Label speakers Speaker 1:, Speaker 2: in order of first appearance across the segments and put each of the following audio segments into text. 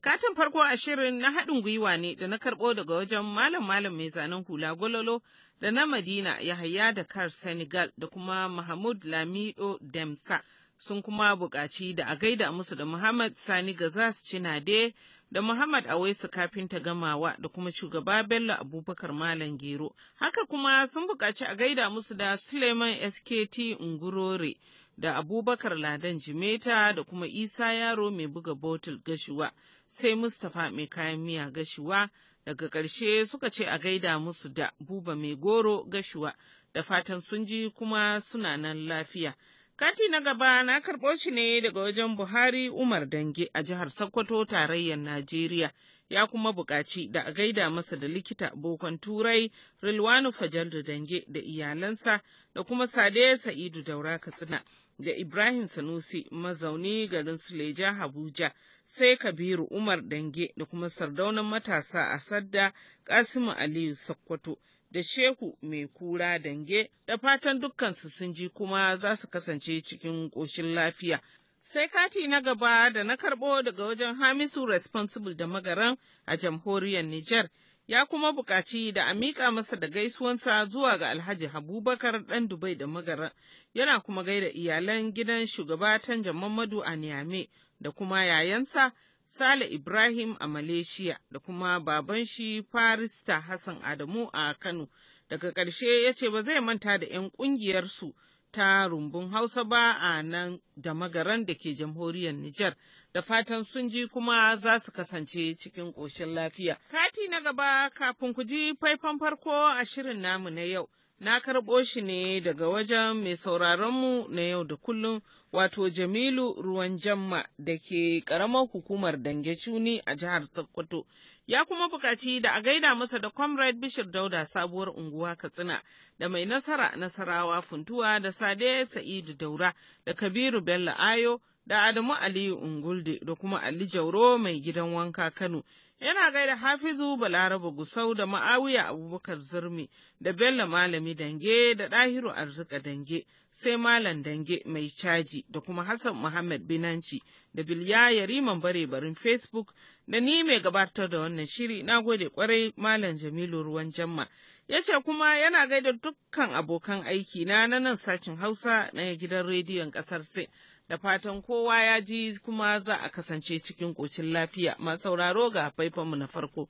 Speaker 1: Katin farko a shirin na haɗin gwiwa ne da na karɓo daga wajen malam malam mai zanen hula gololo da na Madina Yahaya da kar Senegal da kuma Mahmud Lamido Demsa. Sun kuma buƙaci da a gaida musu da Muhammad Sani Ga Gazas Cinade da Muhammad Awaisu kafinta gamawa da kuma shugaba Bello Abubakar Malam Gero. Haka kuma sun buƙaci a gaida musu da Suleiman SKT Ngurore da Abubakar Ladan Jimeta da kuma Isa Yaro mai buga botul gashuwa, sai Mustapha mai kayan miya gashuwa, daga ƙarshe suka ce a gaida musu da buba mai goro gashuwa, da fatan sun ji kuma suna nan lafiya. Kati na gaba na karɓo shi ne daga wajen Buhari Umar Dange a jihar Sokoto tarayyar Najeriya. Ya kuma buƙaci da a gaida masa da likita bokon turai Rilwanu Fajaldu Dange da iyalansa da kuma Sade Sa'idu Daura Katsina. da Ibrahim Sanusi mazauni garin Suleja Habuja sai Kabiru Umar Dange da kuma sardaunan matasa a Sadda Kasimu Aliyu Sokoto da Shehu Mai Kura Dange da fatan dukkansu sun ji kuma za su kasance cikin ƙoshin lafiya. Sai kati na gaba da na karɓo daga wajen Hamisu Responsible da Magaran a jamhuriyar Nijar. ya kuma buƙaci da a miƙa masa da gaisuwansa zuwa ga Alhaji Habubakar ɗan Dubai da Magara, yana kuma gaida iyalan gidan shugaba Tanja Mamadu a Niame da kuma yayansa Sale Ibrahim a Malaysia da kuma baban shi Farista Hassan Adamu a Kano. Daga ƙarshe ya ce ba zai manta da 'yan ƙungiyarsu ta rumbun Hausa ba a nan da magaran da ke jamhuriyar Nijar. da fatan sun ji kuma za su kasance cikin ƙoshin lafiya. Kati na gaba kafin ku ji faifan farko a shirin namu na yau. Na karɓo shi ne daga wajen mai sauraronmu na yau da kullum wato Jamilu Ruwan Jamma da ke ƙaramar hukumar Dange Cuni a jihar Sokoto. Ya kuma buƙaci da a gaida masa da Comrade Bishir Dauda sabuwar unguwa Katsina da mai nasara nasarawa funtuwa da Sade Sa'idu Daura da Kabiru Bello Ayo da Adamu Aliyu Ungulde da kuma Ali Jauro mai gidan wanka Kano. Yana gaida Hafizu Balaraba Gusau da Ma'awiya Abubakar Zurmi da Bello Malami Dange da Ɗahiru Arzika Dange sai Malam Dange mai caji da kuma Hassan Muhammad Binanci da Bilya Yariman bare barin Facebook da ni mai gabatar da wannan shiri na gode kwarai Malam Jamilu Ruwan Jamma. Ya ce kuma yana gaida dukkan abokan aiki na nan sashin Hausa na gidan rediyon ƙasar sai. da fatan kowa ya ji kuma za a kasance cikin ƙocin lafiya. sauraro ga faifanmu na farko.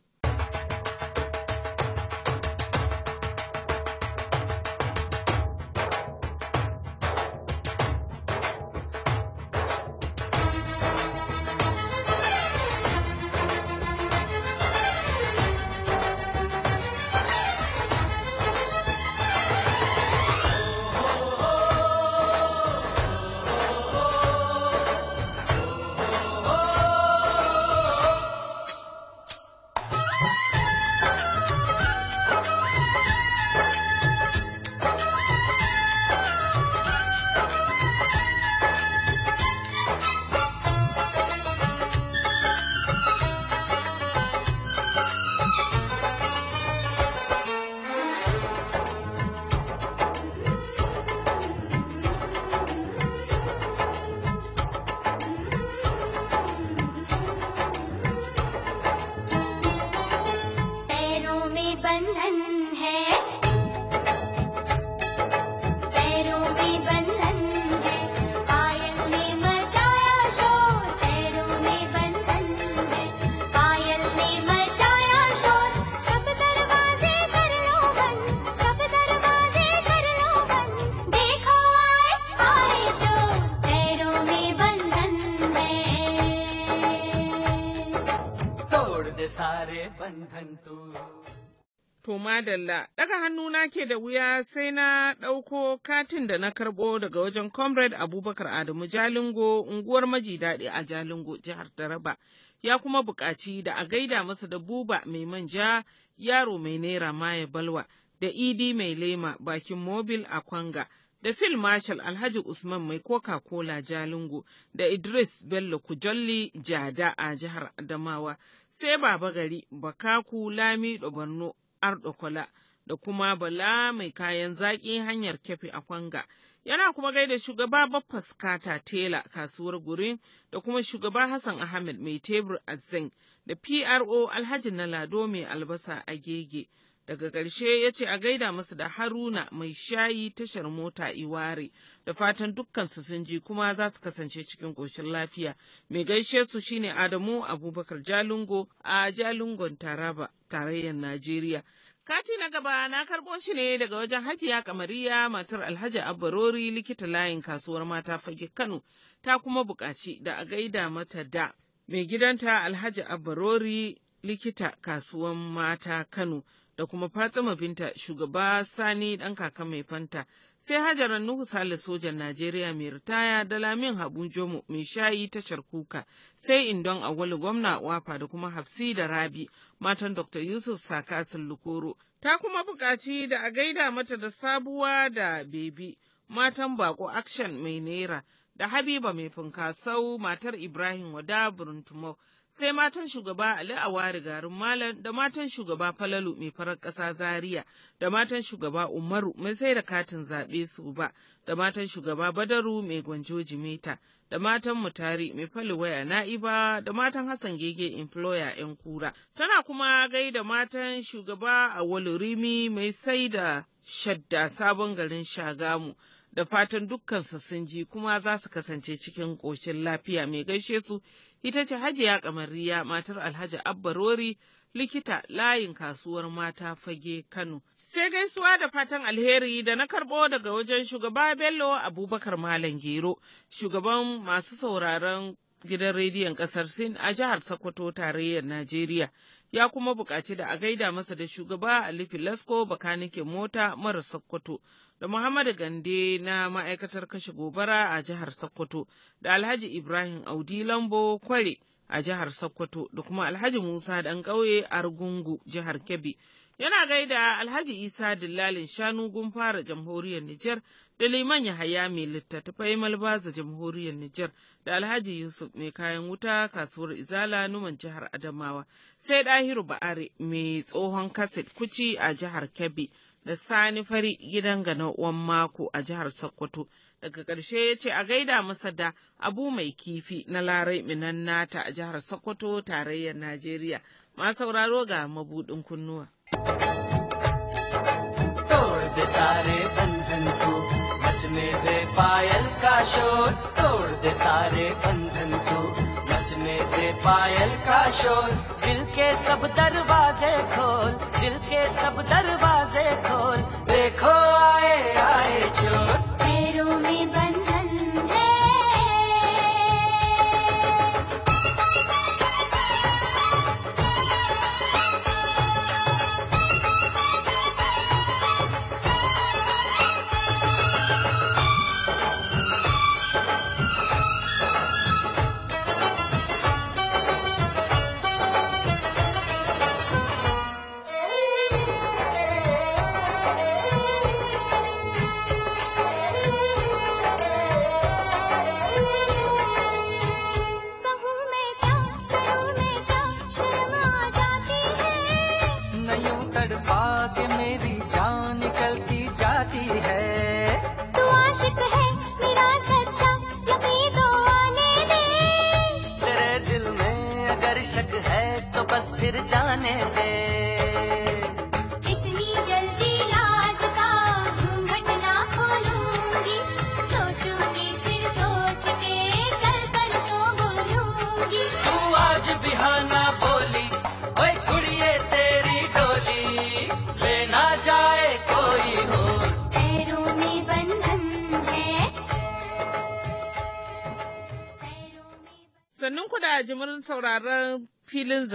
Speaker 1: Huma madalla, ɗaga hannuna ke da wuya sai na ɗauko katin da na karɓo daga wajen Comrade Abubakar Adamu Jalingo, unguwar maji daɗi a Jalingo, jihar Taraba. Ya kuma buƙaci da a gaida masa da buba mai manja, yaro mai naira maye balwa, da idi mai lema bakin mobil a kwanga. da Phil Marshall Alhaji Usman mai Coca-Cola Jalingo da Idris Bello Kujalli Jada a jihar Adamawa sai Baba Gari Bakaku Lami da Borno Ardokola da kuma Bala mai kayan zaƙi hanyar kefi a Kwanga. Yana kuma gaida shugaba baffas kata Tela kasuwar Gurin da kuma shugaba Hassan Ahmed mai tebur a da PRO Alhaji Nalado mai albasa a Gege. Daga ƙarshe ya ce a gaida masu da Haruna mai shayi tashar mota Iware, da fatan dukkansu sun ji kuma za su kasance cikin ƙoshin lafiya. Mai gaishe su shine Adamu Abubakar jalungo a Jalingon Taraba, tarayyar Najeriya. Kati na gaba na karɓo shi ne daga wajen Hajiya Kamariya matar Alhaji Abbarori likita layin kasuwar mata fage Kano ta kuma buƙaci da a gaida mata da mai gidanta Alhaji Abbarori likita kasuwar mata Kano da kuma Fatima Binta shugaba Sani ɗan kaka mai fanta, sai Hajar Nuhu Sale sojan Najeriya mai ritaya da Lamin Habu Jomo mai shayi tashar kuka, sai Indon Awali gwamna Wafa da kuma Hafsi da Rabi matan Dr. Yusuf Sakasin Lukoro. Ta kuma buƙaci da a gaida mata da sabuwa da bebi matan bako action mai naira da Habiba mai funkasau matar Ibrahim wada Buruntumau, sai matan shugaba Ali Awari garin Malam da matan shugaba Falalu mai farar ƙasa Zaria da matan shugaba Umaru mai sai da katin zaɓe su ba da matan shugaba Badaru mai gwanjo Jimeta da matan Mutari mai Faluwaya Na'iba da matan Hassan Gege Employer 'yan kura. Tana kuma gaida matan shugaba a mai sai da shadda sabon garin Shagamu. da fatan dukkansu sun ji kuma za su kasance cikin ƙoshin lafiya mai gaishe su ita ce hajiya kamariya matar alhaji abbarori likita layin kasuwar mata fage kano sai gaisuwa da fatan alheri da na karɓo daga wajen shugaba bello abubakar malam gero shugaban masu sauraron gidan rediyon ƙasar sin a jihar sokoto tarayyar najeriya ya kuma buƙaci da a gaida masa da shugaba Ali Lasko bakanikin mota mara Sokoto da Muhammadu Gande na ma'aikatar kashe gobara a jihar Sokoto da Alhaji Ibrahim Audi Lambo Kware a jihar Sokoto da kuma Alhaji Musa Ɗan ƙauye Argungu jihar Kebbi Yana gaida Alhaji Isa Dillalin Shanu Gumfara Jamhuriyar Nijar da Liman Yahaya mai littattafai Malbaza Jamhuriyar Nijar da Alhaji Yusuf mai kayan wuta kasuwar Izala Numan jihar Adamawa sai Dahiru Ba'are mai tsohon kaset kuci a jihar Kebbi da Sani Fari gidan gano uwan mako a jihar Sokoto daga ƙarshe ya ce a gaida masa da abu mai kifi na larai minan nata a jihar Sokoto tarayyar Najeriya ma sauraro ga mabuɗin kunnuwa. तोड़ दे सारे बंधन को
Speaker 2: बचने दे पायल का शोर तोड़ दे सारे बंधन को बचने दे पायल का शोर दिल के सब दरवाजे खो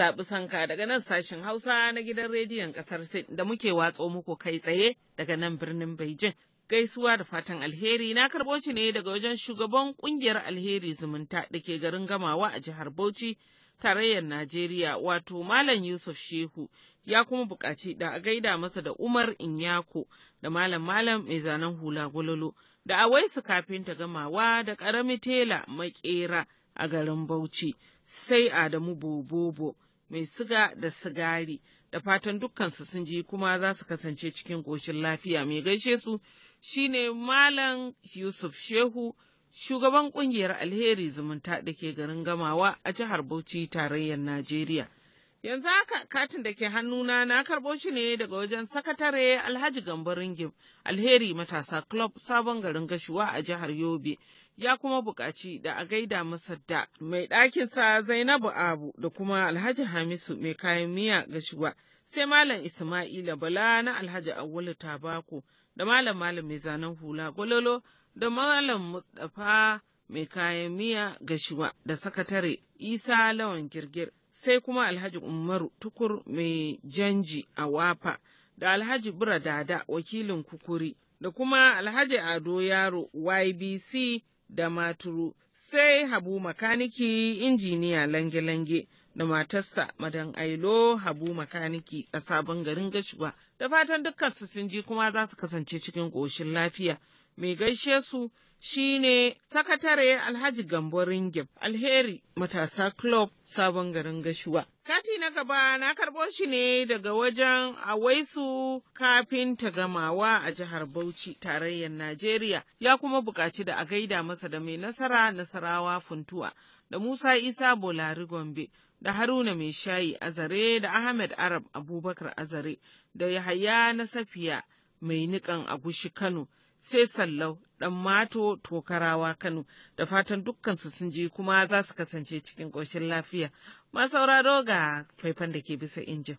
Speaker 1: zaɓi sanka daga nan sashen Hausa na gidan rediyon ƙasar Sin da muke watso muku kai tsaye daga nan birnin Beijing. Gaisuwa da fatan alheri na karɓo shi ne daga wajen shugaban ƙungiyar alheri zumunta da ke garin gamawa a jihar Bauchi, tarayyar Najeriya wato Malam Yusuf Shehu ya kuma buƙaci da a gaida masa da Umar Inyako da Malam Malam mai zanen hula gololo da a kafin ta gamawa da ƙarami tela maƙera a garin Bauchi. sai Adamu Bobobo mai siga da sigari da fatan dukkansu sun ji kuma za su kasance cikin ƙoshin lafiya mai gaishe su shine Malam Yusuf Shehu shugaban ƙungiyar alheri zumunta da ke garin gamawa a jihar Bauchi tarayyar Najeriya. Yanzu haka katin da ke hannuna na karɓo shi ne daga wajen sakatare Alhaji Gambo Ringim, Alheri Matasa Club sabon garin gashuwa a jihar Yobe. Ya kuma buƙaci da a gaida masa da mai ɗakinsa Zainabu Abu da kuma Alhaji Hamisu mai kayan miya gashuwa. Sai Malam Ismaila Bala na Alhaji Awulu Tabako da Malam Malam mai zanen hula gwalolo da Malam Mustapha mai kayan miya gashuwa da sakatare Isa Lawan Girgir. sai kuma Alhaji Umaru Tukur mai janji a Wafa da Alhaji Bura Dada wakilin Kukuri da kuma Alhaji Ado Yaro YBC da Maturu sai Habu Makaniki injiniya lange-lange da matarsa Madan Ailo Habu Makaniki a sabon garin Gashuwa da fatan dukkan su sun ji kuma za su kasance cikin ƙoshin lafiya mai gaishe su Shi ne sakatare Alhaji Gambo Ringib Alheri Matasa Club Sabon Garin Gashuwa. Kati na gaba na karɓo shi ne daga wajen a Awaisu kafin ta gamawa a jihar Bauchi tarayyar Najeriya ya kuma buƙaci da a gaida masa da mai nasara nasarawa funtuwa da Musa Isa Bolari Gombe da Haruna mai shayi Azare da Ahmed Arab Abubakar Azare da Yahaya na Safiya mai niƙan agushi Kano. sai sallau ɗan mato tokarawa Kano da fatan dukkansu sun ji kuma za su kasance cikin ƙoshin lafiya. Masaura doga ga faifan da ke bisa injin.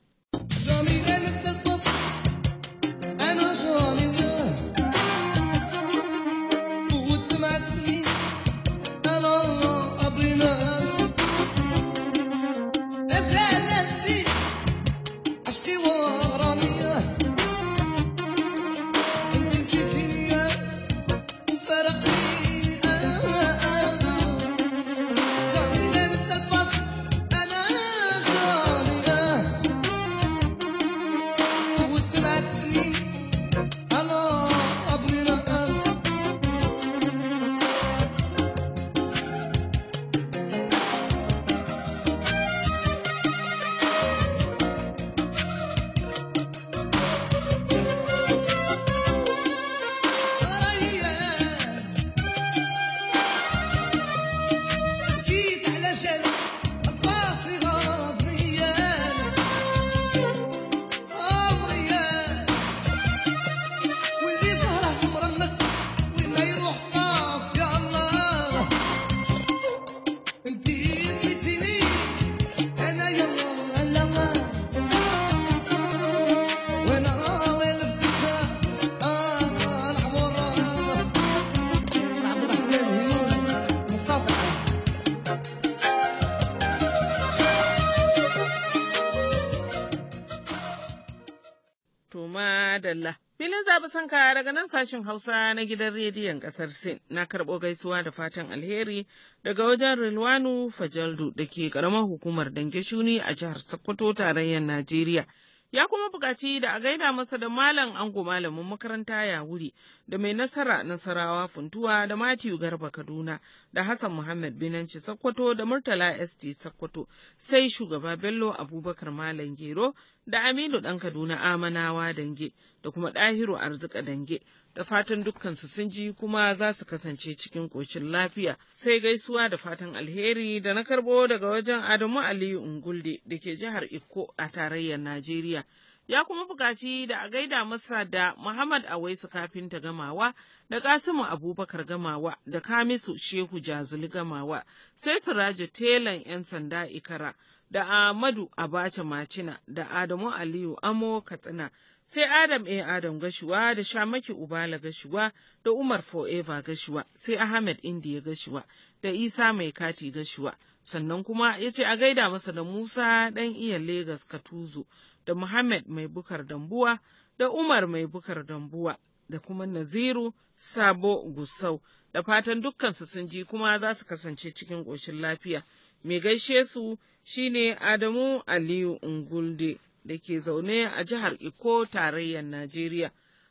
Speaker 1: kusan kaya daga nan sashen Hausa na gidan rediyon ƙasar Sin na karɓo gaisuwa da fatan alheri daga wajen Rilwanu Fajaldu da ke ƙaramar hukumar Dange Shuni a jihar Sokoto tarayyar Najeriya ya kuma buƙaci da a gaida masa da malam ango malamin makaranta ya wuri da mai nasara nasarawa funtuwa da Matthew Garba Kaduna da Hassan Muhammad Binanci Sakkwato da Murtala ST Sakkwato sai shugaba Bello Abubakar Malam Gero da Aminu Ɗan Kaduna Amanawa Dange da kuma Ɗahiru Arzika Dange da fatan dukkansu sun ji kuma za su kasance cikin ƙoshin lafiya. Sai gaisuwa da fatan alheri da na karɓo daga wajen Adamu Aliyu Ungulde da ke jihar Ikko a tarayyar Najeriya. Ya kuma buƙaci da a gaida masa da Muhammad Awaisu kafinta gamawa da Kasimu Abubakar gamawa da Kamisu Shehu Jazuli gamawa sai su raje Telan 'yan sanda Ikara da Ahmadu Abacha Macina da Adamu Aliyu Amo Katsina. sai Adam A. Eh, Adam Gashuwa da Shamaki Ubala Gashuwa da Umar Forever Gashuwa sai Ahmed Indiya Gashuwa da Isa Mai Kati Gashuwa. Sannan kuma ya ce a gaida masa da Musa ɗan iya Legas Katuzu da Muhammad Mai Bukar Dambuwa da Umar Mai Bukar Dambuwa da kuma Naziru Sabo Gusau da fatan dukkansu sun ji kuma za su kasance cikin ƙoshin lafiya. Mai gaishe su shine Adamu Aliyu Ungulde. da ke zaune a jihar Iko tarayyar Najeriya.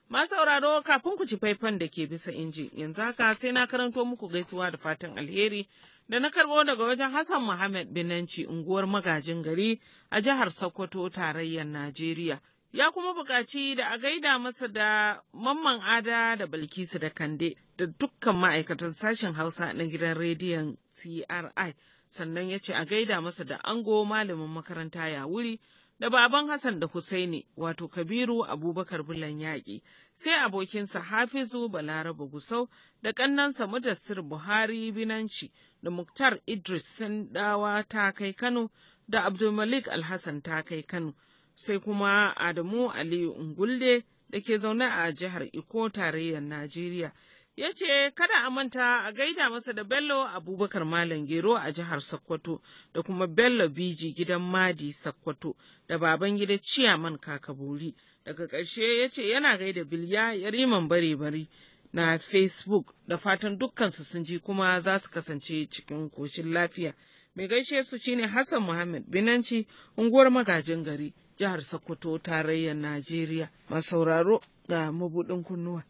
Speaker 1: Ma sauraro kafin ku ci faifan da ke bisa inji, yanzu haka sai na karanto muku gaisuwa da fatan alheri da na karɓo daga wajen Hassan Muhammad Binanci unguwar magajin gari a jihar Sokoto tarayyar Najeriya. Ya kuma buƙaci da a gaida masa da mamman ada da Bilkisu da Kande da dukkan ma'aikatan sashen Hausa na gidan rediyon CRI. Sannan ya ce a gaida masa da ango malamin makaranta ya wuri da baban Hassan da Husaini wato Kabiru Abubakar Bulan yaƙi, sai abokinsa Hafizu Balaraba Gusau da ƙannansa Mudassir Buhari Binanci da Muktar Idris Sandawa ta kai Kano da Abdulmalik Alhassan ta kai Kano, sai kuma Adamu Aliyu Ungulde da ke zaune a jihar Iko tarayyar Najeriya. ya ce kada a manta a gaida masa da Bello Abubakar Malam Gero a jihar Sokoto da kuma Bello Biji gidan Madi Sokoto da baban gida Ciyaman Kakaburi. Daga ƙarshe ya ce yana gaida Bilya Yariman Bare-bare na Facebook da fatan dukkansu sun ji kuma za su kasance cikin koshin lafiya. Mai gaishe su shine Hassan Muhammad Binanci, unguwar magajin gari, jihar Sokoto, tarayyar Najeriya. Masauraro ga mabuɗin kunnuwa.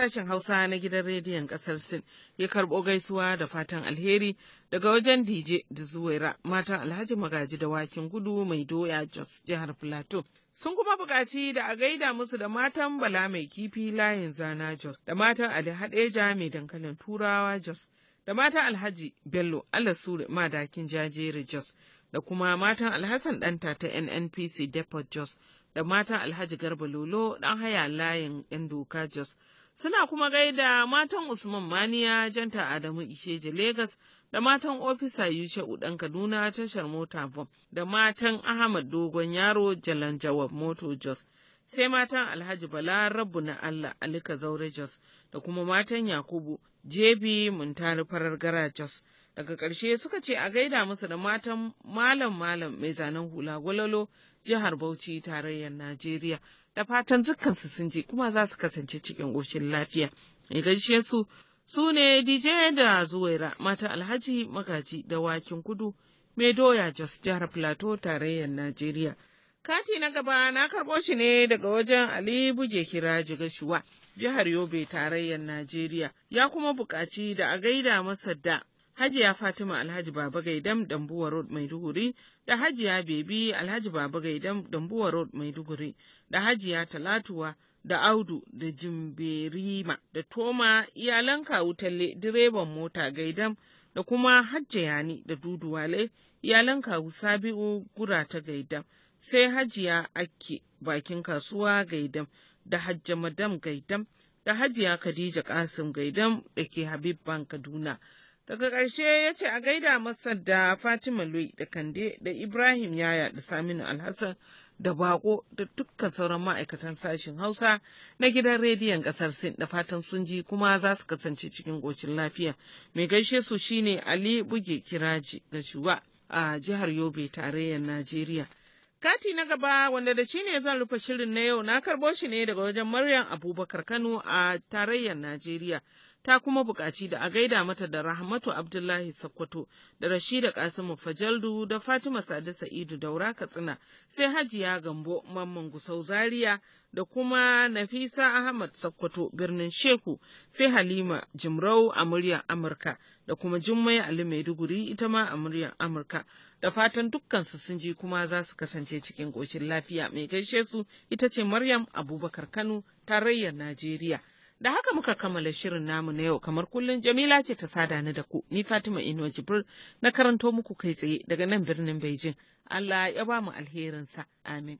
Speaker 1: sashen Hausa na gidan rediyon ƙasar Sin ya karɓo gaisuwa da fatan alheri daga wajen DJ da Zuwaira matan Alhaji Magaji da Wakin Gudu mai doya Jos jihar Plateau. Sun kuma buƙaci da a gaida musu da matan Bala mai kifi layin zana Jos da matan Ali Hadeja mai dankalin Turawa Jos da matan Alhaji Bello Alasure madakin jajere Jos da kuma matan Alhassan ɗanta ta NNPC Depot Jos. da matan Alhaji Garba Lolo ɗan haya layin ‘yan doka Jos Suna kuma gaida matan Usman Maniya Janta Adamu isheje Legas da matan ofisa Yushe ɗan Kaduna tashar mota Vom da matan Ahmad Dogon Yaro Jalan Jawab Moto Jos. Sai matan Alhaji Bala Rabbu na Allah Alika Zaure Jos da kuma matan Yakubu Jebi Muntari Farar Gara Jos. daga ƙarshe suka ce a gaida musu da matan malam malam mai zanen hula gwalolo jihar Bauchi tarayyar Najeriya da fatan dukkansu sun ji kuma za su kasance cikin ƙoshin lafiya. Mai gaishe su su ne DJ da Zuwaira mata Alhaji Magaji da Wakin Kudu mai doya Jos Jihar Plateau tarayyar Najeriya. Kati na gaba na karɓo shi ne daga wajen Ali Buge Kiraji Gashuwa, jihar Yobe tarayyar Najeriya, ya kuma buƙaci da a gaida masa da Hajiya Fatima Alhaji Baba Gaidam Dambuwa Road Maiduguri da Hajiya Bebi Alhaji Baba Gaidam Dambuwa Road Maiduguri da Hajiya Talatuwa da Audu da Jimberima da Toma iyalan kawu talle direban mota Gaidam da kuma Hajjayani da Duduwale iyalan kawu Sabi'u gura ta Gaidam sai Hajiya Akke bakin kasuwa Gaidam da Hajja Madam Gaidam da Hajiya Khadija Kasim Gaidam da ke Habib Ban Kaduna. Daga ƙarshe ya ce a gaida masa da Fatima Lui da Kande da Ibrahim Yaya da Saminu Alhassan da Bako da dukkan sauran ma'aikatan sashen Hausa na gidan rediyon ƙasar Sin da fatan sun ji kuma za su kasance cikin gocin lafiya. Mai gaishe su shine Ali Buge Kiraji da Shuwa a jihar Yobe tarayyar Najeriya. Kati na gaba wanda da shi ne zan rufe shirin na yau na karɓo shi ne daga wajen Maryam Abubakar Kano a tarayyar Najeriya. ta kuma buƙaci da a gaida mata da Rahmatu Abdullahi Sakkwato da Rashida Kasimu Fajaldu da Fatima Sadi Sa'idu Daura Katsina sai Hajiya Gambo Mamman Gusau Zaria da kuma Nafisa Ahmad Sakkwato birnin Shehu sai Halima Jimrau a muryar Amurka da kuma Jummai Ali Maiduguri ita ma a muryar Amurka da fatan dukkansu sun ji kuma za su kasance cikin ƙoshin lafiya mai gaishe su ita ce Maryam Abubakar Kano tarayyar Najeriya. Da haka muka kammala shirin namu na yau kamar kullum Jamila ce ta sada ni da ku, ni Fatima Inuwa Jibril na karanto muku kai tsaye daga nan birnin Beijing. Allah ya ba mu alherinsa. Amin.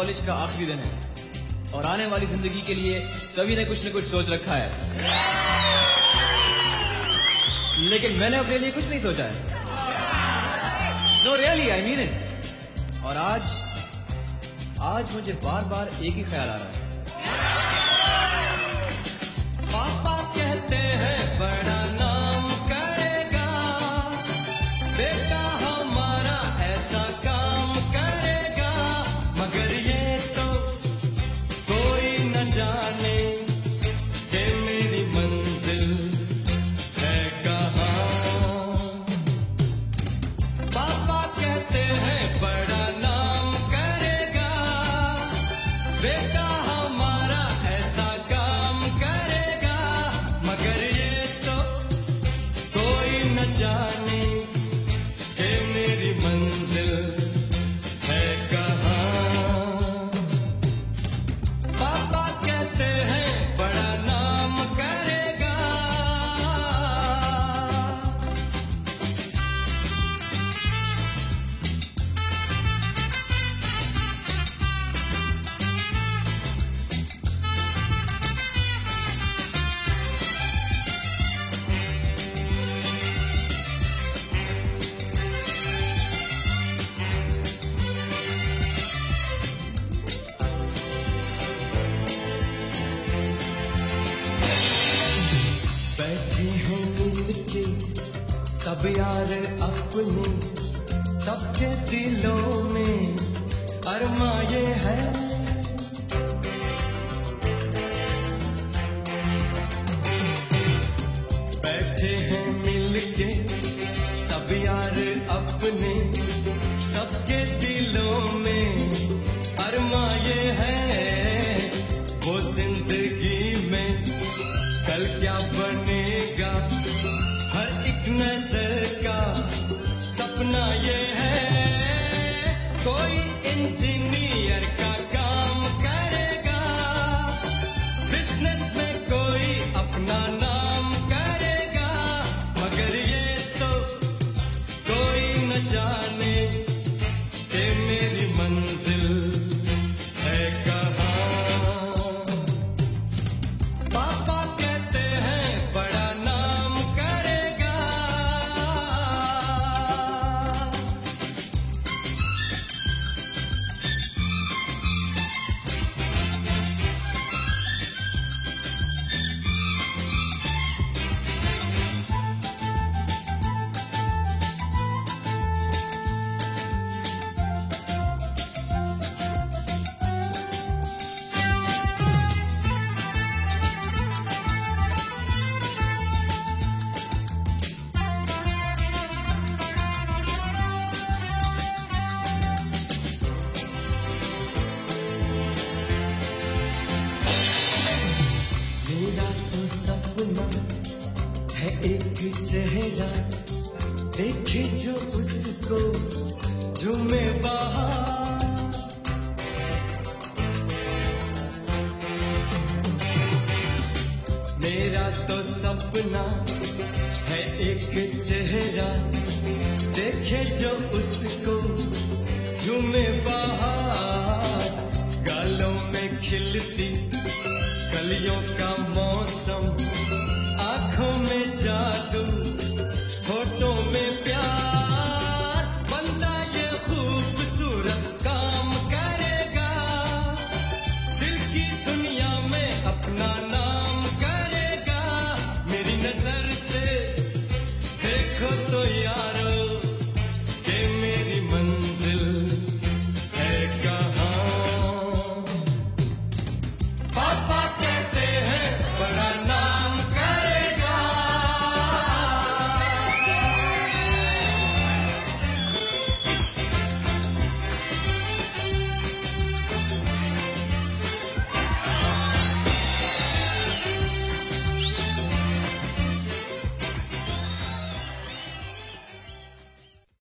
Speaker 2: College का आखिरी दिन है और आने वाली जिंदगी के लिए सभी ने कुछ न कुछ सोच रखा है लेकिन मैंने अपने लिए कुछ नहीं सोचा है no really I mean it और आज आज मुझे बार बार एक ही ख्याल आ रहा है